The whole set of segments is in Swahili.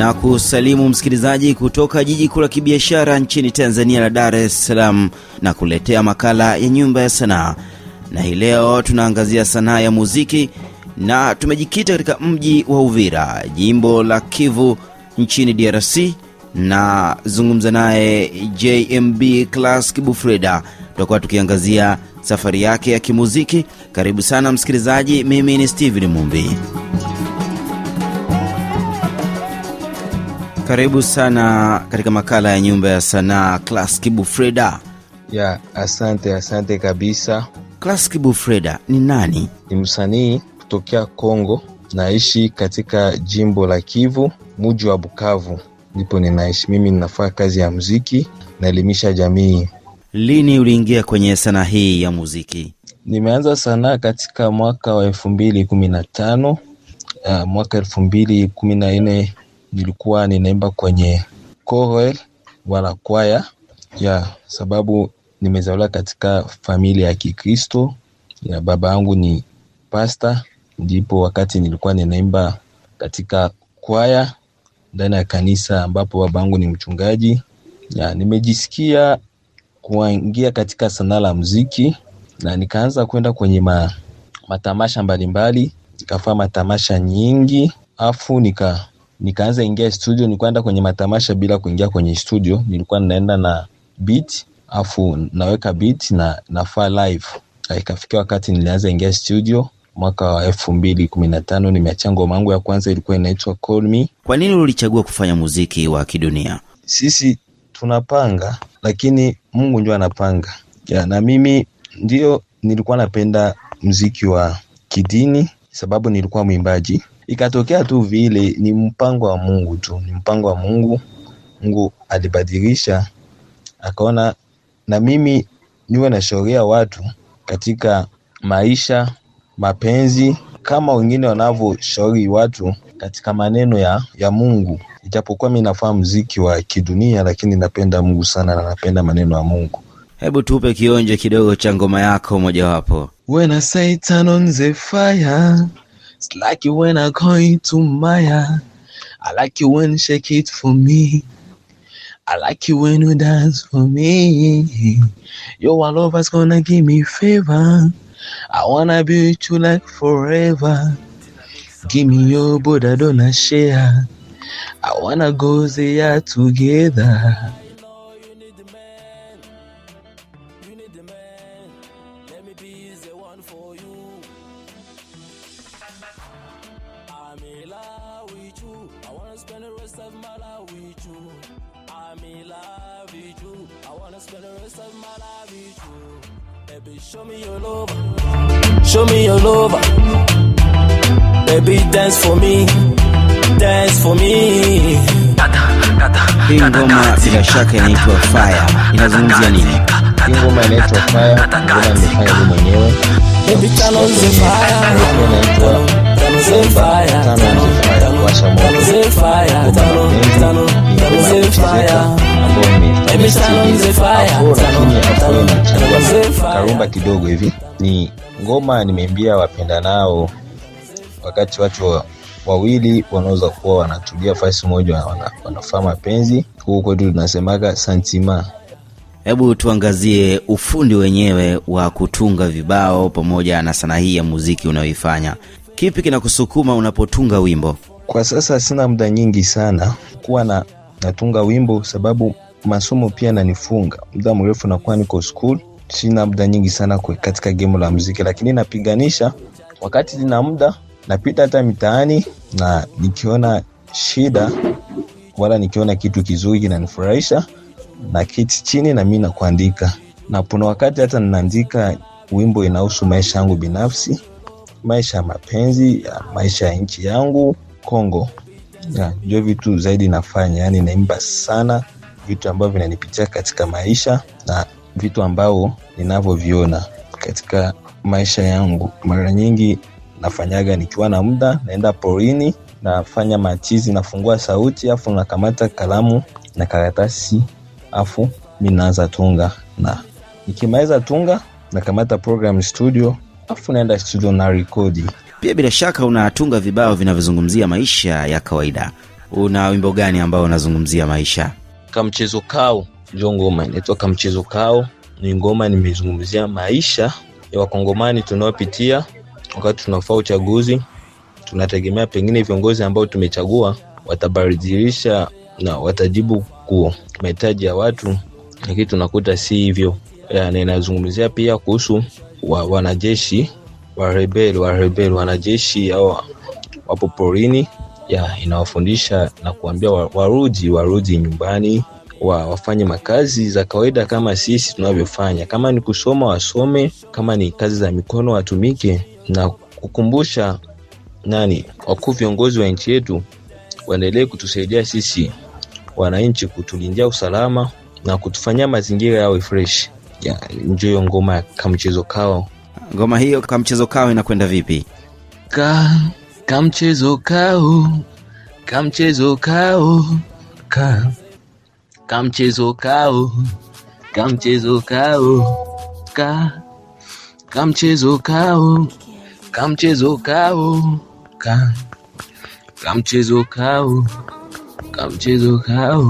na kusalimu msikilizaji kutoka jiji kuu la kibiashara nchini Tanzania la Dar es Salaam na kuletea makala ya Nyumba ya Sanaa, na hii leo tunaangazia sanaa ya muziki na tumejikita katika mji wa Uvira, jimbo la Kivu nchini DRC. Na zungumza naye JMB klas Kibufreda, tutakuwa tukiangazia safari yake ya kimuziki. Karibu sana msikilizaji, mimi ni Steven Mumbi. Karibu sana katika makala ya nyumba ya sanaa, Clas Kibufreda. Ya, asante asante kabisa. Clas Kibufreda ni nani? Ni msanii kutokea congo naishi katika jimbo la Kivu, muji wa Bukavu ndipo ninaishi mimi. Ninafanya kazi ya muziki, naelimisha jamii. Lini uliingia kwenye sanaa hii ya muziki? Nimeanza sanaa katika mwaka wa elfu mbili kumi na tano. Uh, mwaka elfu mbili kumi na nne nilikuwa ninaimba kwenye choir wala kwaya ya sababu nimezaliwa katika familia ya Kikristo ya baba yangu ni pasta, ndipo wakati nilikuwa ninaimba katika kwaya ndani ya kanisa ambapo baba yangu ni mchungaji ya, nimejisikia kuingia katika sanaa la muziki na nikaanza kwenda kwenye ma, matamasha mbalimbali nikafaa matamasha nyingi afu nika nikaanza ingia studio, nikaenda kwenye matamasha bila kuingia kwenye studio. Nilikuwa naenda na beat afu naweka beat na nafaa live. Ikafikia wakati nilianza ingia studio mwaka wa elfu mbili kumi na tano nimeachia ngoma yangu ya kwanza, ilikuwa inaitwa Call Me. Kwa nini ulichagua kufanya muziki wa kidunia? Sisi tunapanga, lakini Mungu ndio anapanga ya, na mimi ndio nilikuwa napenda mziki wa kidini sababu nilikuwa mwimbaji Ikatokea tu vile, ni mpango wa Mungu tu, ni mpango wa Mungu. Mungu alibadilisha akaona na mimi niwe na shauria watu katika maisha, mapenzi kama wengine wanavyoshauri watu katika maneno ya, ya Mungu. Ijapokuwa mi nafaa mziki wa kidunia, lakini napenda Mungu sana na napenda maneno ya Mungu. Hebu tupe kionjo kidogo cha ngoma yako mojawapo. Satan on the fire It's like you when I go into Maya. I like you when you shake it for me. I like you when you dance for me. Your lover's gonna give me favor. I wanna be with you like forever. Give me your body, don't share. I wanna go there together. I wanna spend the rest of my life with you. I'm in love with you. I wanna spend the rest of my life with you. Baby, show me your love. Show me your love. Baby, dance for me. Dance for me. Bingo ma bila shaka inaitwa Fire. Inazungumzia nini? Bingo ma inaitwa Fire. Ngoma nimefanya mimi mwenyewe. Baby, turn on the fire. Turn on the fire. Turn on fire. kuwasha Karumba kidogo hivi ni ngoma nimeimbia wapenda nao, wakati watu wawili wanaweza kuwa wanatulia fasi moja, wanafaa mapenzi. huu kwetu tunasemaga santima. Hebu tuangazie ufundi wenyewe wa kutunga vibao pamoja na sanaa hii ya muziki unayoifanya. Kipi kinakusukuma unapotunga wimbo? Kwa sasa sina muda nyingi sana kuwa na natunga wimbo, sababu masomo pia nanifunga muda mrefu, nakuwa niko school, sina muda nyingi sana katika gemo la muziki, lakini napiganisha wakati nina muda, napita hata mitaani na nikiona shida wala nikiona kitu kizuri kinanifurahisha na kiti chini na mi na na kuna wakati hata ninaandika wimbo inahusu maisha yangu binafsi, maisha ya mapenzi, maisha ya nchi yangu Kongo ya, ndio vitu zaidi nafanya, yani naimba sana vitu ambavyo vinanipitia katika maisha na vitu ambao ninavyoviona katika maisha yangu. Mara nyingi nafanyaga nikiwa na muda, naenda porini, nafanya machizi, nafungua sauti, afu nakamata kalamu na karatasi, afu mi naanza tunga, na nikimaliza tunga nakamata program studio, afu naenda studio na rekodi. Pia bila shaka unatunga vibao vinavyozungumzia maisha ya kawaida. Una wimbo gani ambao unazungumzia maisha? Kamchezo kao ndio ngoma inaitwa Kamchezo kao, ni ngoma nimezungumzia maisha ya wakongomani tunaopitia wakati tunafaa uchaguzi. Tunategemea pengine viongozi ambao tumechagua watabadilisha na watajibu ku mahitaji ya watu, lakini tunakuta si hivyo. Eh, na inazungumzia pia kuhusu wa, wanajeshi warebel warebel wanajeshi au wapo porini ya inawafundisha na kuambia warudi warudi nyumbani wa, wafanye makazi za kawaida kama sisi tunavyofanya kama ni kusoma wasome kama ni kazi za mikono watumike na kukumbusha nani wakuu viongozi wa nchi yetu waendelee kutusaidia sisi wananchi kutulindia usalama na kutufanyia mazingira yawe fresh ya, njo hiyo ngoma kamchezo kao Ngoma hiyo ka mchezo kao inakwenda vipi? Ka kamchezo kao kamchezo kao ka kamchezo kao kamchezo kao ka kamchezo kao kamchezo kao ka kamchezo kao kamchezo kao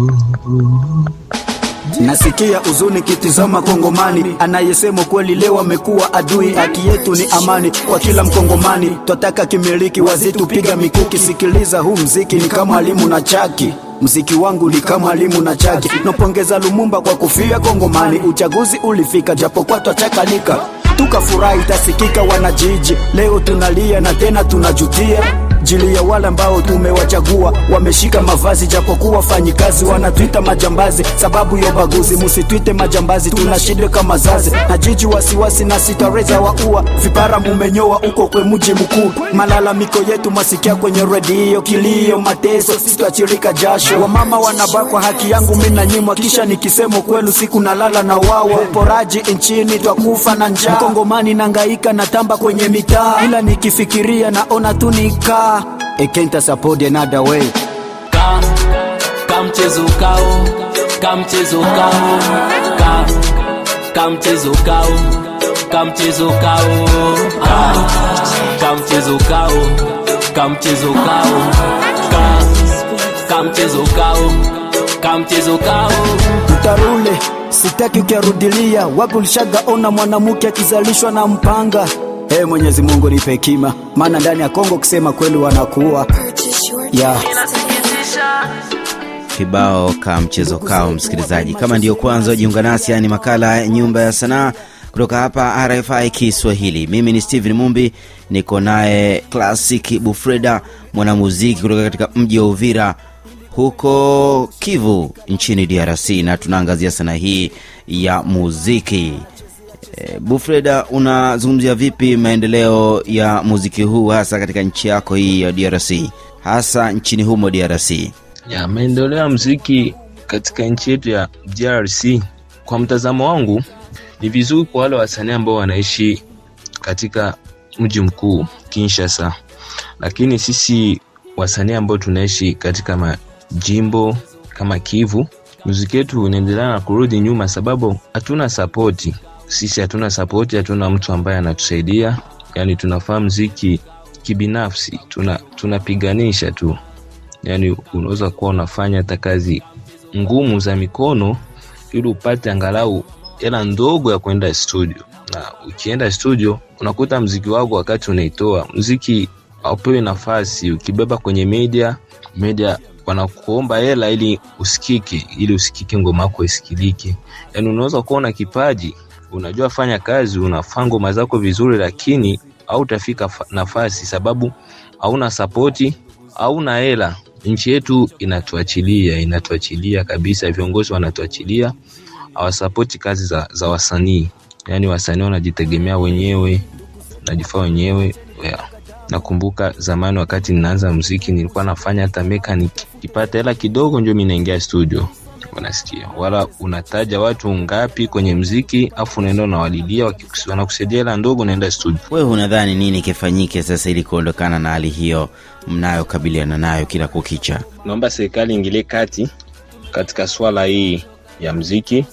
Nasikia uzuni kitizama Kongomani, anayesema kweli leo amekuwa adui. Haki yetu ni amani kwa kila Mkongomani, twataka kimiliki wazitupiga mikuki. Sikiliza huu mziki ni kama alimu na chaki Mziki wangu ni kama limu na chaki, napongeza Lumumba kwa kufia Kongomani. Uchaguzi ulifika japo kwa twachakanika, tukafurahi tasikika wanajiji. Leo tunalia na tena tunajutia jili ya wale ambao tumewachagua wameshika mavazi, japokuwa wafanyikazi wanatwita majambazi, sababu ya ubaguzi. Musitwite majambazi, tuna shida kama zazi na jiji wasiwasi na sitareza waua vipara mumenyoa uko kwe mji mkuu. Malalamiko yetu masikia kwenye redio, kilio mateso, sitachirika jasho, wamama wanabakwa, haki yangu mina nyimwa, kisha nikisemo kwelu siku nalala na wawa, uporaji nchini twakufa na njaa, mkongomani nangaika na tamba kwenye mitaa, ila nikifikiria naona tunika ekenta support another way ka ka mchezo kao ka mchezo kao ka ka mchezo kao ka mchezo kao ka ka mchezo kao ka mchezo kao ka ka mchezo kao ka mchezo kao utarule sitaki ukiarudilia wapi ulishagaona mwanamke akizalishwa na mpanga Hey, eh, Mwenyezi Mungu nipe hekima, maana ndani ya Kongo kusema kweli wanakuwa yeah. Kibao ka mchezo kao, msikilizaji, kama ndiyo kwanza ujiunga nasi, yani makala ya nyumba ya sanaa kutoka hapa RFI Kiswahili. Mimi ni stephen Mumbi, niko naye Classic Bufreda, mwanamuziki kutoka katika mji wa Uvira huko Kivu nchini DRC, na tunaangazia sanaa hii ya muziki. Bufreda, unazungumzia vipi maendeleo ya muziki huu hasa katika nchi yako hii ya DRC, hasa nchini humo DRC? Ya maendeleo ya muziki katika nchi yetu ya DRC, kwa mtazamo wangu, ni vizuri kwa wale wasanii ambao wanaishi katika mji mkuu Kinshasa, lakini sisi wasanii ambao tunaishi katika majimbo kama Kivu, muziki wetu unaendelea na kurudi nyuma, sababu hatuna sapoti sisi hatuna sapoti, hatuna mtu ambaye anatusaidia, yani tunafaa mziki kibinafsi, tunapiganisha tuna tu, yani unaweza kuwa unafanya hata kazi ngumu za mikono ili upate angalau hela ndogo ya kwenda studio, na ukienda studio unakuta mziki wako wakati unaitoa mziki aupewi nafasi. Ukibeba kwenye media media wanakuomba hela ili usikike, ili usikike, ngoma yako isikilike. Yani unaweza kuwa na kipaji unajua fanya kazi unafaa ngoma zako vizuri lakini hautafika nafasi sababu hauna sapoti hauna hela nchi yetu inatuachilia inatuachilia kabisa viongozi wanatuachilia hawasapoti kazi za, za wasanii yaani wasanii wanajitegemea wenyewe najifaa wenyewe yeah. nakumbuka zamani wakati ninaanza mziki nilikuwa nafanya hata mechanic kipata hela kidogo ndio mi naingia studio wanasikia, wala unataja watu ngapi kwenye mziki, afu unaenda unawadidia, wanakusaidia hela ndogo, unaenda studio. Wewe unadhani nini kifanyike sasa ili kuondokana na hali hiyo mnayokabiliana nayo kila kukicha? Naomba serikali ingilie kati katika swala hii ya mziki.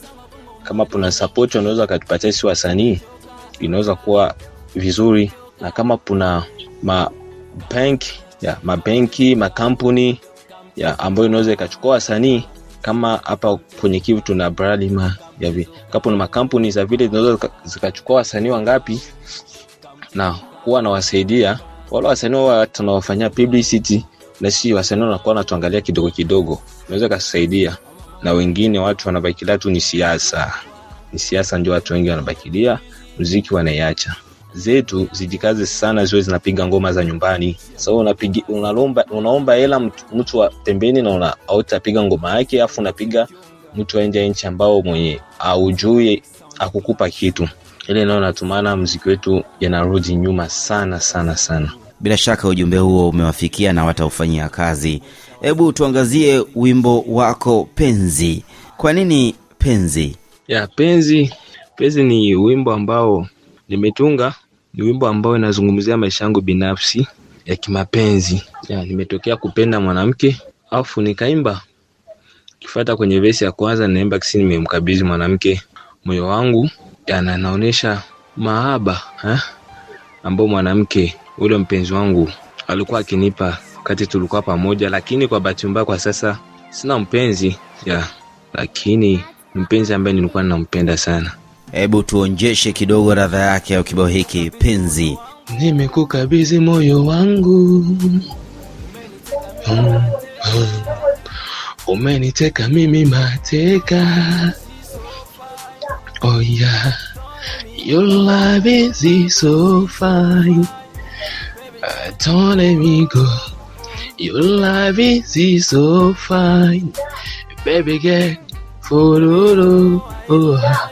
Kama kuna support wanaweza wakatupatia si wasanii, inaweza kuwa vizuri, na kama kuna mabenki ya mabenki makampuni ya ambayo inaweza ikachukua wasanii kama hapa kwenye Kivu tuna Bralima ya vi kapo na makampuni za vile zinaweza zikachukua wasanii wangapi na kuwa nawasaidia wala wasanii wa tunawafanyia publicity na si wasanii wanakuwa natuangalia kidogo kidogo, naweza kusaidia na wengine. Watu wanabakilia tu ni siasa, ni siasa ndio watu wengi wanabakilia, muziki wanaiacha zetu zijikaze sana ziwe zinapiga ngoma za nyumbani. So unapigi, unalomba unaomba hela mtu wa pembeni na una hautapiga ngoma yake, afu unapiga mtu wa nchi ambao mwenye aujui akukupa kitu ile, nao natumana mziki wetu yanarudi nyuma sana sana sana. Bila shaka ujumbe huo umewafikia na wataufanyia kazi. Hebu tuangazie wimbo wako Penzi. Kwa nini Penzi? Ya, Penzi, Penzi ni wimbo ambao Nimetunga ni wimbo ambao inazungumzia maisha yangu binafsi ya kimapenzi. Ya, nimetokea kupenda mwanamke afu nikaimba kifata kwenye vesi ya kwanza naimba kisi nimemkabidhi mwanamke moyo wangu yana naonesha mahaba eh, ambao mwanamke ule mpenzi wangu alikuwa akinipa wakati tulikuwa pamoja, lakini kwa bahati kwa sasa sina mpenzi ya, lakini mpenzi ambaye nilikuwa ninampenda sana. Hebu tuonjeshe kidogo radha yake au kibao hiki penzi. Nimekukabidhi moyo wangu, mm, mm. umeniteka mimi mateka. Oh yeah, your love is so fine. Uh, don't let me go. Your love is so fine. Baby girl, follow. Oh.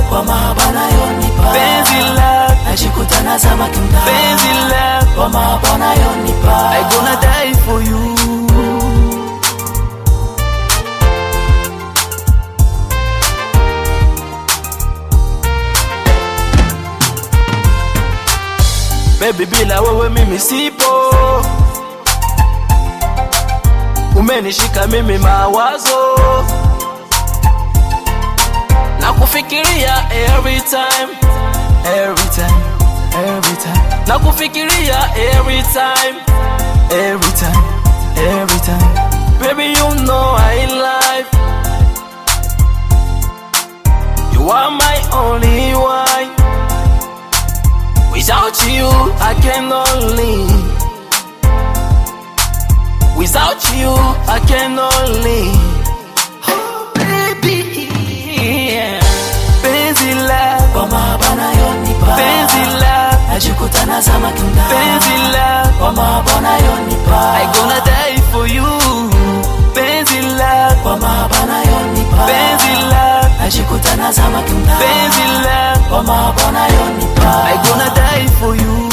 Baby bila wewe mimi sipo Umenishika mimi mawazo na kufikiria every time every time every time na kufikiria every time every time every time baby you know i live you are my only wife. without you i cannot live without you i cannot live kutazama kinda penzi lako mabana yonipa I gonna die for you penzi lako mabana yonipa penzi lako najikuta nazama kinda penzi lako mabana yonipa I gonna die for you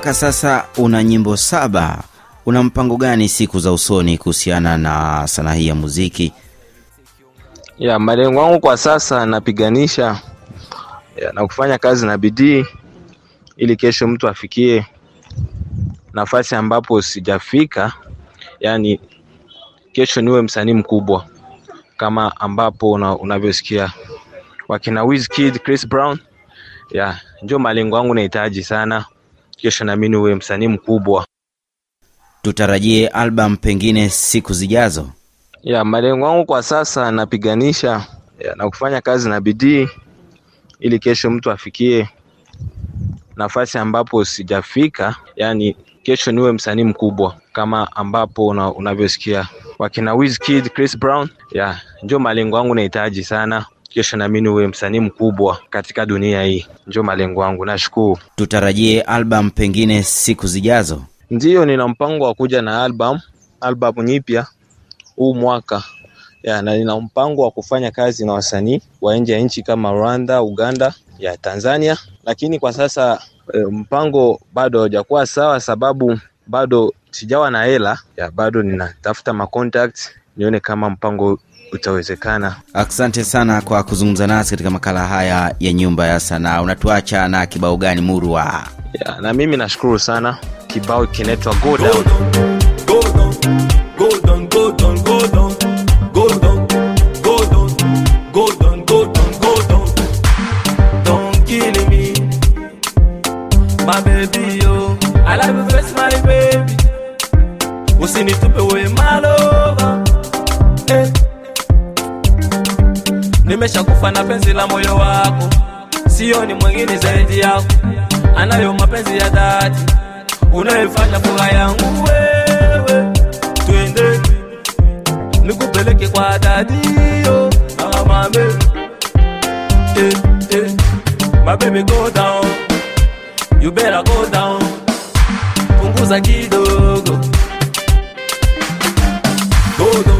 mpaka sasa una nyimbo saba. Una mpango gani siku za usoni kuhusiana na sanaa hii ya muziki? Ya, malengo yangu kwa sasa napiganisha ya, na kufanya kazi na bidii ili kesho mtu afikie nafasi ambapo sijafika, yani kesho niwe msanii mkubwa kama ambapo una, unavyosikia wakina Wizkid, Chris Brown. Ya, ndio malengo yangu nahitaji sana kesho naamini uwe msanii mkubwa. Tutarajie album pengine siku zijazo? Ya, malengo yangu kwa sasa napiganisha na kufanya kazi na bidii ili kesho mtu afikie nafasi ambapo sijafika, yani kesho niwe msanii mkubwa kama ambapo unavyosikia wakina Wizkid, Chris Brown. Ya, ndio malengo yangu nahitaji sana kisha naamini uwe msanii mkubwa katika dunia hii, ndio malengo yangu. Nashukuru. Tutarajie album pengine siku zijazo? Ndiyo, nina mpango wa kuja na album album nyipya huu mwaka ya, na nina mpango wa kufanya kazi na wasanii wa nje ya nchi kama Rwanda, Uganda ya Tanzania, lakini kwa sasa e, mpango bado haujakuwa sawa, sababu bado sijawa na hela ya, bado ninatafuta ma nione kama mpango utawezekana. Asante sana kwa kuzungumza nasi katika makala haya ya Nyumba ya Sanaa. Unatuacha na kibao gani Murwa? Ya, na mimi nashukuru sana, kibao kinaitwa Go Down. la moyo wako, sioni mwingine zaidi yako, anayo mapenzi ya dhati, unayefanya furaha yangu wewe. Twende nikupeleke kwa dadio na mame, eh, eh. My baby go down, you better go down, punguza kidogo, go down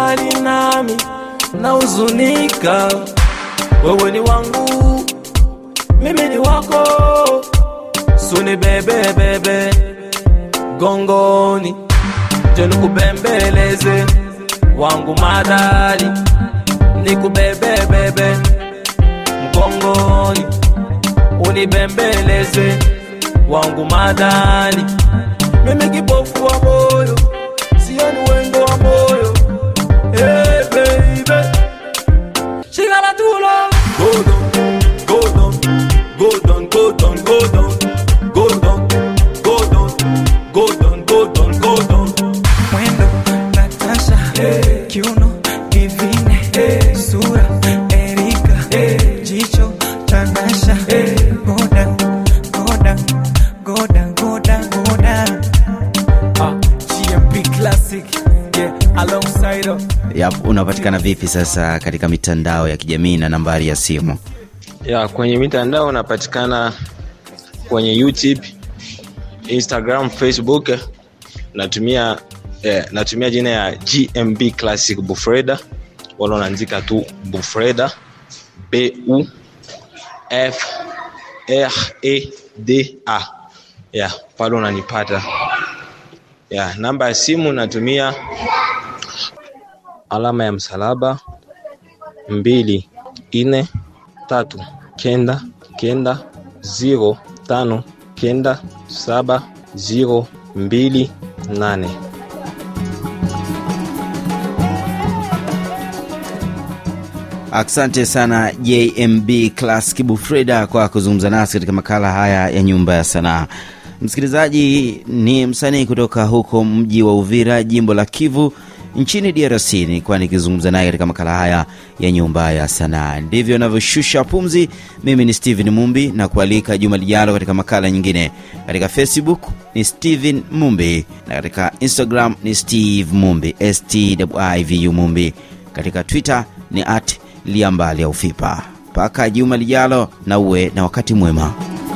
mbali nami, na uzunika. Wewe ni wangu, mimi ni wako, suni bebe bebe gongoni, je nikubembeleze wangu madali, nikubebe bebe mgongoni, unibembeleze wangu madali, mimi kipofu wa moyo sioni wewe vipi sasa katika mitandao ya kijamii na nambari ya simu? Ya, kwenye mitandao unapatikana kwenye YouTube, Instagram, Facebook natumia eh, natumia jina ya GMB Classic Bufreda, wala unaanzika tu Bufreda bu F R e Ya, pale unanipata. Ya, namba ya simu natumia alama ya msalaba mbili ine tatu kenda kenda ziro tano kenda saba ziro mbili nane. Asante sana JMB Clas Kibufreda kwa kuzungumza nasi katika makala haya ya Nyumba ya Sanaa. Msikilizaji ni msanii kutoka huko mji wa Uvira, jimbo la Kivu nchini DRC. Nilikuwa nikizungumza naye katika makala haya ya Nyumba ya Sanaa. Ndivyo anavyoshusha pumzi. Mimi ni stehen Mumbi na kualika juma lijalo katika makala nyingine. Katika Facebook ni stehen Mumbi na katika Instagram ni Steve Mumbi, stwivu Mumbi. Katika Twitter ni at liambali ya ufipa. Mpaka juma lijalo, na uwe na wakati mwema.